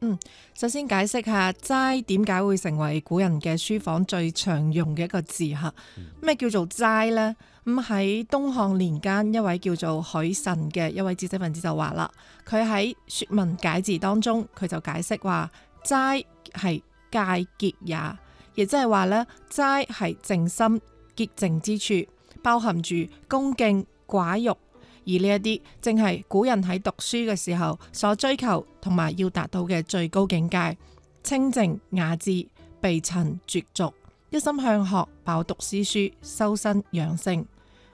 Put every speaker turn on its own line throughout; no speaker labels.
嗯，首先解釋下齋點解會成為古人嘅書房最常用嘅一個字吓？咩叫做齋呢？咁喺東漢年間，一位叫做許慎嘅一位知識分子就話啦，佢喺《說文解字》當中，佢就解釋話齋係戒潔也，亦即係話呢齋係靜心潔淨之處，包含住恭敬寡欲。而呢一啲正係古人喺讀書嘅時候所追求同埋要達到嘅最高境界：清靜、雅致、避塵絕俗，一心向學、飽讀詩書、修身養性。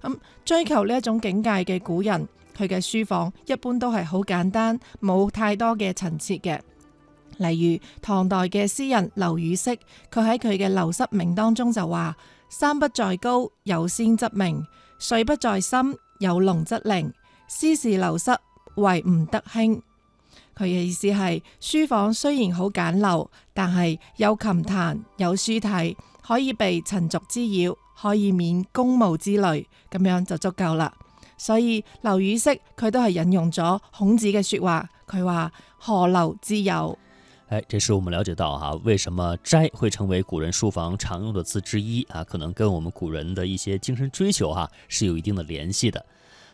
咁、嗯、追求呢一種境界嘅古人，佢嘅書房一般都係好簡單，冇太多嘅陳設嘅。例如唐代嘅詩人劉禹錫，佢喺佢嘅《陋室銘》當中就話：山不在高，有仙則名；水不在深。有龍則靈，斯是陋室，惟吾德馨。佢嘅意思係書房雖然好簡陋，但係有琴彈，有書睇，可以被塵俗之擾，可以免公務之累，咁樣就足夠啦。所以劉禹錫佢都係引用咗孔子嘅說話，佢話何陋之有？
誒、哎，這是我們了解到啊，為什麼齋會成為古人書房常用的字之一啊？可能跟我們古人的一些精神追求哈、啊，是有一定的聯繫的。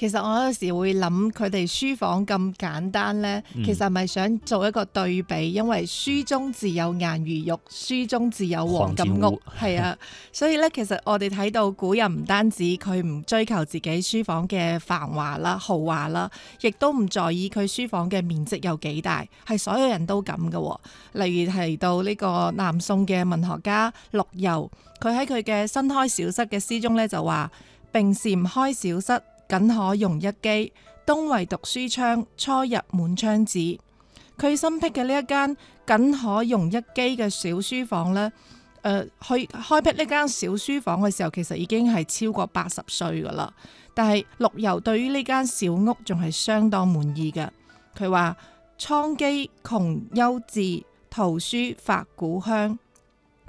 其實我有時會諗，佢哋書房咁簡單呢，其實係咪想做一個對比，嗯、因為書中自有顏如玉，書中自有黃金屋，係啊，所以咧，其實我哋睇到古人唔單止佢唔追求自己書房嘅繁華啦、豪華啦，亦都唔在意佢書房嘅面積有幾大，係所有人都咁嘅、哦。例如提到呢個南宋嘅文學家陸游，佢喺佢嘅新開小室嘅詩中咧就話：並唔開小室。僅可容一幾，東為讀書窗，初日滿窗紙。佢新闢嘅呢一間僅可容一幾嘅小書房呢，誒、呃，去開闢呢間小書房嘅時候，其實已經係超過八十歲噶啦。但係陸游對於呢間小屋仲係相當滿意嘅。佢話，窗幾窮幽致，圖書發古香。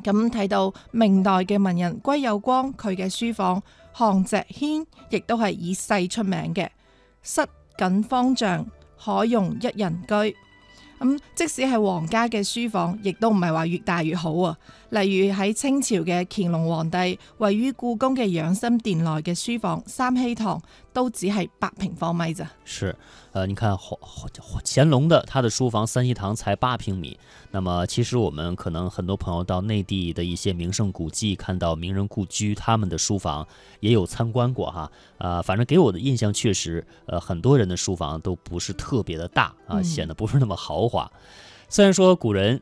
咁睇到明代嘅文人歸有光佢嘅書房項脊軒，亦都係以細出名嘅。室僅方丈，可容一人居。咁即使係皇家嘅書房，亦都唔係話越大越好啊。例如喺清朝嘅乾隆皇帝位於故宮嘅養心殿內嘅書房三希堂，都只係八平方米咋？嗯、
是，呃，你看乾隆的他的書房三希堂才八平米。那麼其實我們可能很多朋友到內地的一些名勝古蹟，看到名人故居，他們的書房也有參觀過哈。啊，反正給我的印象確實，呃，很多人的書房都不是特別的大啊，顯得不是那麼豪華。雖然說古人。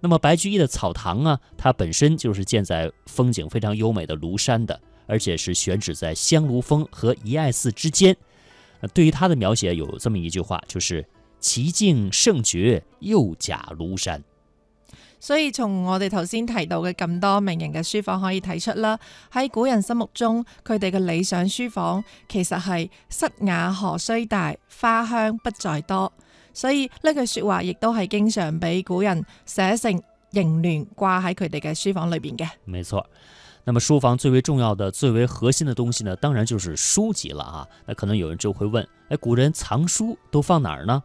那麼白居易的草堂啊，它本身就是建在風景非常優美的廬山的，而且是選址在香爐峰和遺愛寺之間。對於它的描寫有這麼一句話，就是“其境勝絕，又甲廬山”。
所以從我哋頭先提到嘅咁多名人嘅書房可以睇出啦，喺古人心目中，佢哋嘅理想書房其實係“室雅何須大，花香不在多”。所以呢句說話亦都係經常俾古人寫成楹聯掛喺佢哋嘅書房裏邊嘅。
沒錯，那麼書房最為重要的，最為核心嘅東西呢，當然就是書籍了啊！那可能有人就會問，誒、哎，古人藏書都放哪兒呢？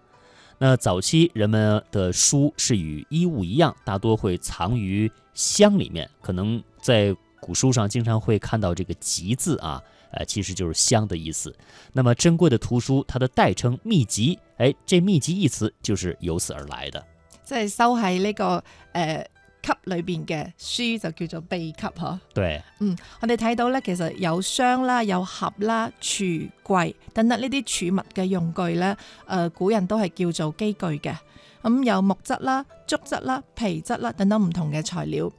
那早期人們的書是與衣物一樣，大多會藏於箱裏面，可能在古書上經常會看到這個“集”字啊。誒，其實就是箱的意思。那麼珍貴的圖書，它的代稱秘籍，誒、哎，這秘籍一詞就是由此而來的。
即係收喺呢、這個誒、呃、級裏邊嘅書就叫做秘籍嗬。對，嗯，我哋睇到咧，其實有箱啦、有盒啦、櫥櫃等等呢啲儲物嘅用具咧，誒、呃，古人都係叫做機具嘅。咁、嗯、有木質啦、竹質啦、皮質啦等等唔同嘅材料，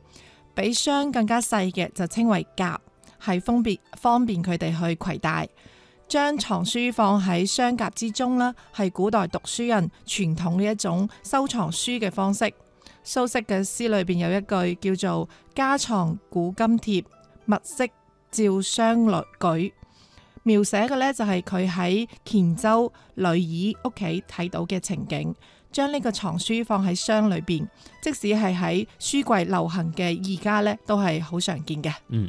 比箱更加細嘅就稱為夾。係方便方便佢哋去攜帶，將藏書放喺箱夾之中啦，係古代讀書人傳統嘅一種收藏書嘅方式。蘇軾嘅詩裏邊有一句叫做：家藏古今帖，物色照箱攞舉，描寫嘅呢就係佢喺虔州女兒屋企睇到嘅情景。將呢個藏書放喺箱裏邊，即使係喺書櫃流行嘅而家呢都係好常見嘅。嗯。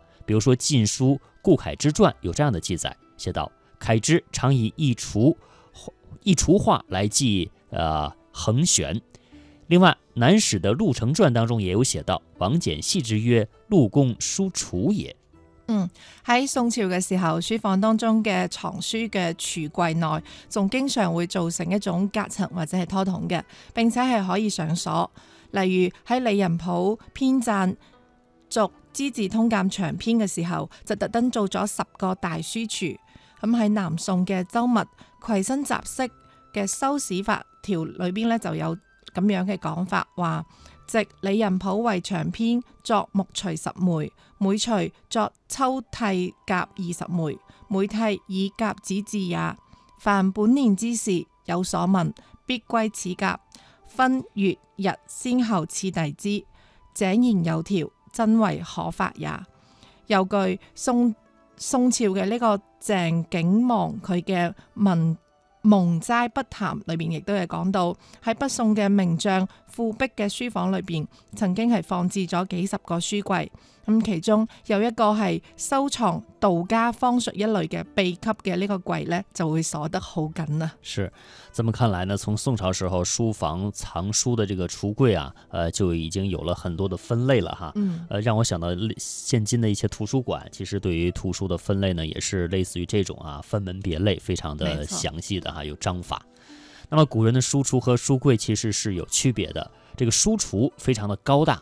比如說《晉書·顧愷之傳》有這樣的記載，寫道：“愷之常以一櫥，一櫥畫來寄呃桓玄。”另外，《南史》的陸澄傳當中也有寫到，王簡戲之曰：‘陸公書櫥也。’”嗯，
在宋朝嘅時候，書房當中嘅藏書嘅櫥櫃內，仲經常會做成一種隔層或者係拖桶嘅，並且係可以上鎖。例如喺李仁甫編撰。《資治通鑑》長篇嘅時候，就特登做咗十個大書廚。咁喺南宋嘅周密《癸辛雜識》嘅修史法條裏邊呢，就有咁樣嘅講法，話：值李仁甫為長篇作木廚十枚，每廚作抽替甲二十枚，每替以甲子字也。凡本年之事有所聞，必歸此甲，分月日先後次第之井然有條。真為可發也。有據宋宋朝嘅呢個鄭景望佢嘅文蒙齋筆談裏邊，亦都有講到喺北宋嘅名將富弼嘅書房裏邊，曾經係放置咗幾十個書櫃。咁其中有一個係收藏道家方術一類嘅秘笈嘅呢個櫃呢，就會鎖得好緊啊！
是，這麼看來呢，從宋朝時候書房藏書的這個櫥櫃啊，呃，就已經有了很多的分類了哈。嗯、呃，讓我想到現今的一些圖書館，其實對於圖書的分類呢，也是類似於這種啊，分門別類，非常的詳細的哈，沒錯。有章法。那麼古人的書櫥和書櫃其實是有區別的，這個書櫥非常的高大。